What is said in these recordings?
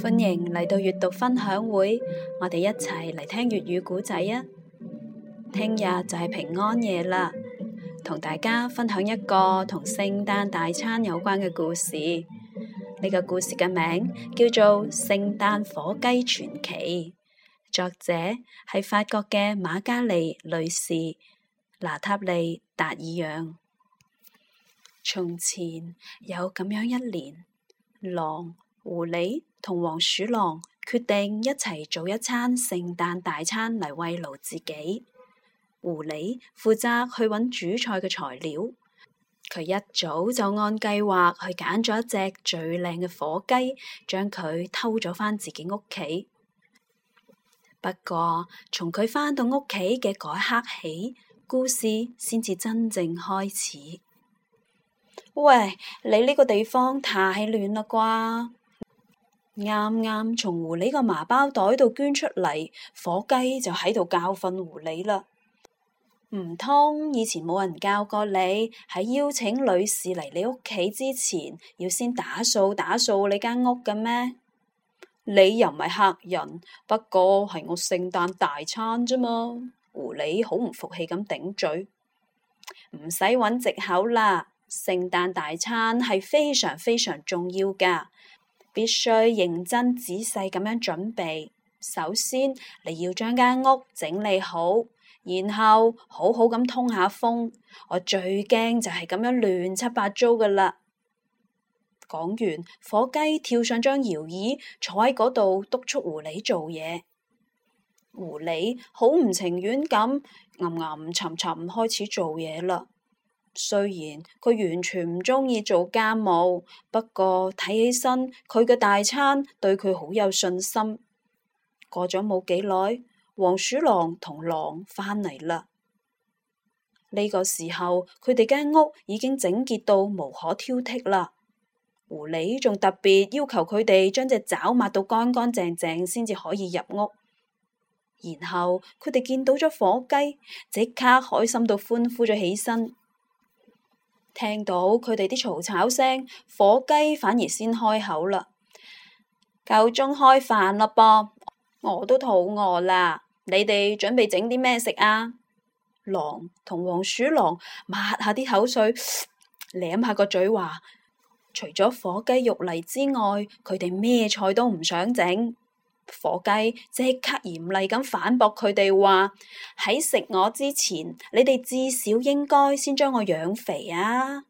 歡迎嚟到閱讀分享會，我哋一齊嚟聽粵語故仔啊！聽日就係平安夜啦，同大家分享一個同聖誕大餐有關嘅故事。呢個故事嘅名叫做《聖誕火雞傳奇》，作者係法國嘅瑪加麗女士娜塔莉達爾讓。從前有咁樣一年，狼、狐狸、同黃鼠狼決定一齊做一餐聖誕大餐嚟慰勞自己。狐狸負責去揾主菜嘅材料，佢一早就按計劃去揀咗一隻最靚嘅火雞，將佢偷咗返自己屋企。不過從佢返到屋企嘅嗰一刻起，故事先至真正開始。喂，你呢個地方太亂啦，啩？啱啱從狐狸個麻包袋度捐出嚟，火雞就喺度教訓狐狸啦。唔通以前冇人教過你，喺邀請女士嚟你屋企之前，要先打掃打掃你間屋嘅咩？你又唔係客人，不過係我聖誕大餐啫嘛。狐狸好唔服氣咁頂嘴，唔使揾藉口啦。聖誕大餐係非常非常重要噶。必須認真仔細咁樣準備。首先，你要將間屋整理好，然後好好咁通下風。我最驚就係咁樣亂七八糟㗎啦。講完，火雞跳上張搖椅，坐喺嗰度督促狐狸做嘢。狐狸好唔情願咁，吟吟沉沉開始做嘢啦。雖然佢完全唔中意做家務，不過睇起身佢嘅大餐對佢好有信心。過咗冇幾耐，黃鼠狼同狼返嚟啦。呢、這個時候，佢哋間屋已經整潔到無可挑剔啦。狐狸仲特別要求佢哋將隻爪抹到乾乾淨淨，先至可以入屋。然後佢哋見到咗火雞，即刻開心到歡呼咗起身。聽到佢哋啲嘈吵聲，火雞反而先開口啦。夠鐘開飯啦噃，我都肚餓啦。你哋準備整啲咩食啊？狼同黃鼠狼抹下啲口水，舐下個嘴，話除咗火雞肉泥之外，佢哋咩菜都唔想整。火雞即刻嚴厲咁反駁佢哋話：喺食我之前，你哋至少應該先將我養肥啊！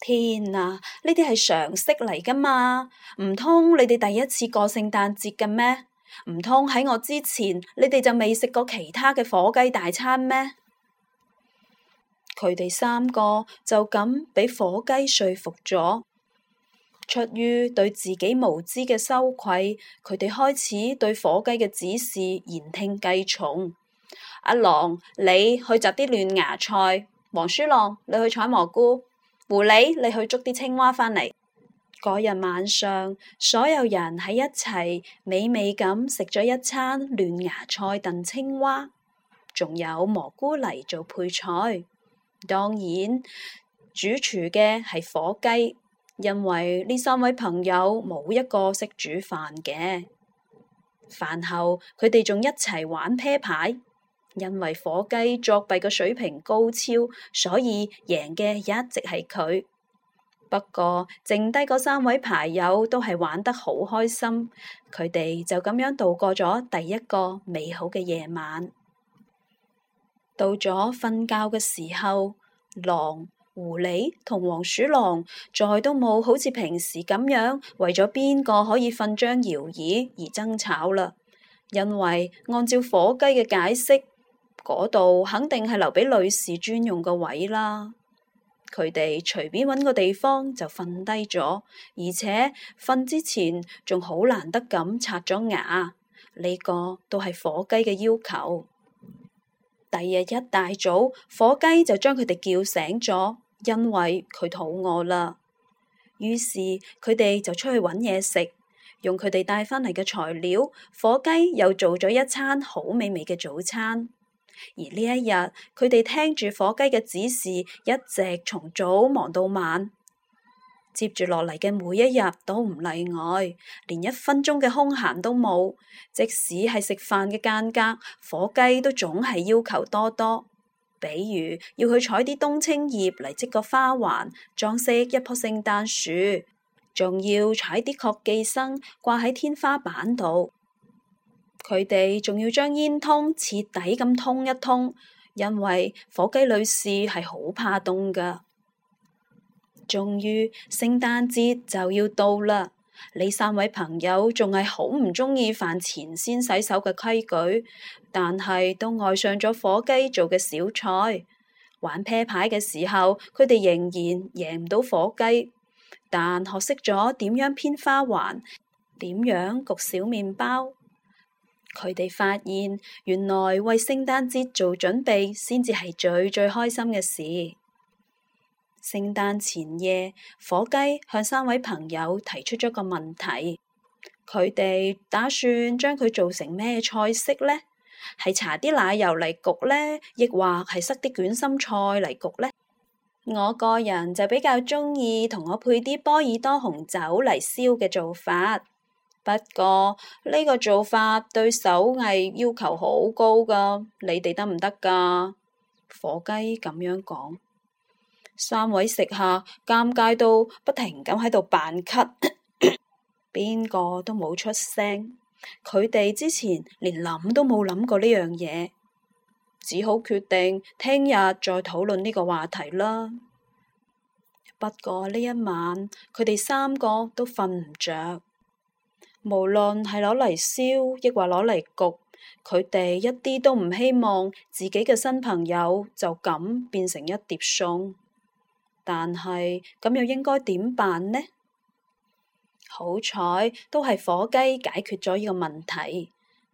天啊，呢啲係常識嚟噶嘛！唔通你哋第一次過聖誕節嘅咩？唔通喺我之前，你哋就未食過其他嘅火雞大餐咩？佢哋三個就咁俾火雞說服咗。出於對自己無知嘅羞愧，佢哋開始對火雞嘅指示言聽計從。阿狼，你去摘啲嫩芽菜；黃鼠狼，你去採蘑菇；狐狸，你去捉啲青蛙返嚟。嗰日晚上，所有人喺一齊，美美咁食咗一餐嫩芽菜燉青蛙，仲有蘑菇嚟做配菜。當然，主廚嘅係火雞。因為呢三位朋友冇一個識煮飯嘅。飯後，佢哋仲一齊玩啤牌。因為火雞作弊嘅水平高超，所以贏嘅一直係佢。不過，剩低嗰三位牌友都係玩得好開心，佢哋就咁樣度過咗第一個美好嘅夜晚。到咗瞓覺嘅時候，狼。狐狸同黃鼠狼再都冇好似平時咁樣為咗邊個可以瞓張搖椅而爭吵啦。因為按照火雞嘅解釋，嗰度肯定係留俾女士專用個位啦。佢哋隨便揾個地方就瞓低咗，而且瞓之前仲好難得咁刷咗牙。呢個都係火雞嘅要求。第二日一大早，火雞就將佢哋叫醒咗。因為佢肚餓啦，於是佢哋就出去揾嘢食，用佢哋帶返嚟嘅材料，火雞又做咗一餐好美味嘅早餐。而呢一日，佢哋聽住火雞嘅指示，一直從早忙到晚。接住落嚟嘅每一日都唔例外，連一分鐘嘅空閒都冇，即使係食飯嘅間隔，火雞都總係要求多多。比如要去採啲冬青葉嚟織個花環，裝飾一棵聖誕樹，仲要採啲槲寄生掛喺天花板度。佢哋仲要將煙囪徹底咁通一通，因為火雞女士係好怕凍噶。終於，聖誕節就要到啦。呢三位朋友仲係好唔鍾意飯前先洗手嘅規矩，但係都愛上咗火雞做嘅小菜。玩啤牌嘅時候，佢哋仍然贏唔到火雞，但學識咗點樣編花環，點樣焗小麵包。佢哋發現，原來為聖誕節做準備，先至係最最開心嘅事。聖誕前夜，火雞向三位朋友提出咗個問題，佢哋打算將佢做成咩菜式呢？係搽啲奶油嚟焗呢，亦或係塞啲捲心菜嚟焗呢。我個人就比較鍾意同我配啲波爾多紅酒嚟燒嘅做法，不過呢個做法對手藝要求好高噶，你哋得唔得噶？火雞咁樣講。三位食客尷尬到不停咁喺度扮咳，邊個 都冇出聲。佢哋之前連諗都冇諗過呢樣嘢，只好決定聽日再討論呢個話題啦。不過呢一晚，佢哋三個都瞓唔着，無論係攞嚟燒，亦或攞嚟焗，佢哋一啲都唔希望自己嘅新朋友就咁變成一碟餸。但係咁又應該點辦呢？好彩都係火雞解決咗呢個問題。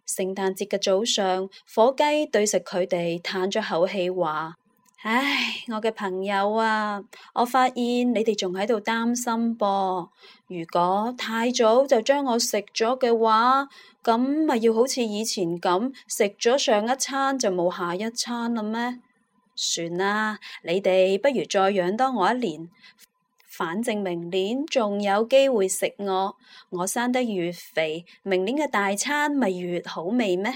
聖誕節嘅早上，火雞對食佢哋嘆咗口氣話：唉，我嘅朋友啊，我發現你哋仲喺度擔心噃啊。如果太早就將我食咗嘅話，咁咪要好似以前咁食咗上一餐就冇下一餐啦咩？算啦，你哋不如再養多我一年，反正明年仲有機會食我。我生得越肥，明年嘅大餐咪越好味咩？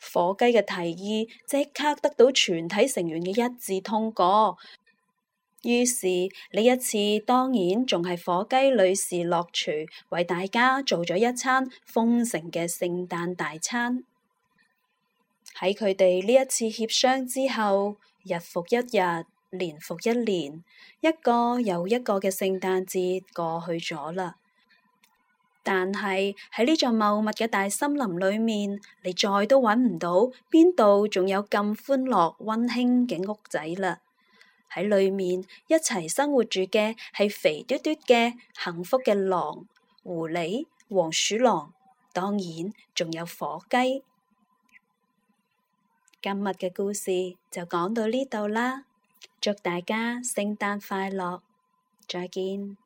火雞嘅提議即刻得到全體成員嘅一致通過。於是呢一次，當然仲係火雞女士落廚為大家做咗一餐豐盛嘅聖誕大餐。喺佢哋呢一次協商之後，日復一日，年復一年，一個又一個嘅聖誕節過去咗啦。但係喺呢座茂密嘅大森林裏面，你再都揾唔到邊度仲有咁歡樂溫馨嘅屋仔啦。喺裏面一齊生活住嘅係肥嘟嘟嘅幸福嘅狼、狐狸、黃鼠狼，當然仲有火雞。今日嘅故事就講到呢度啦，祝大家聖誕快樂，再見。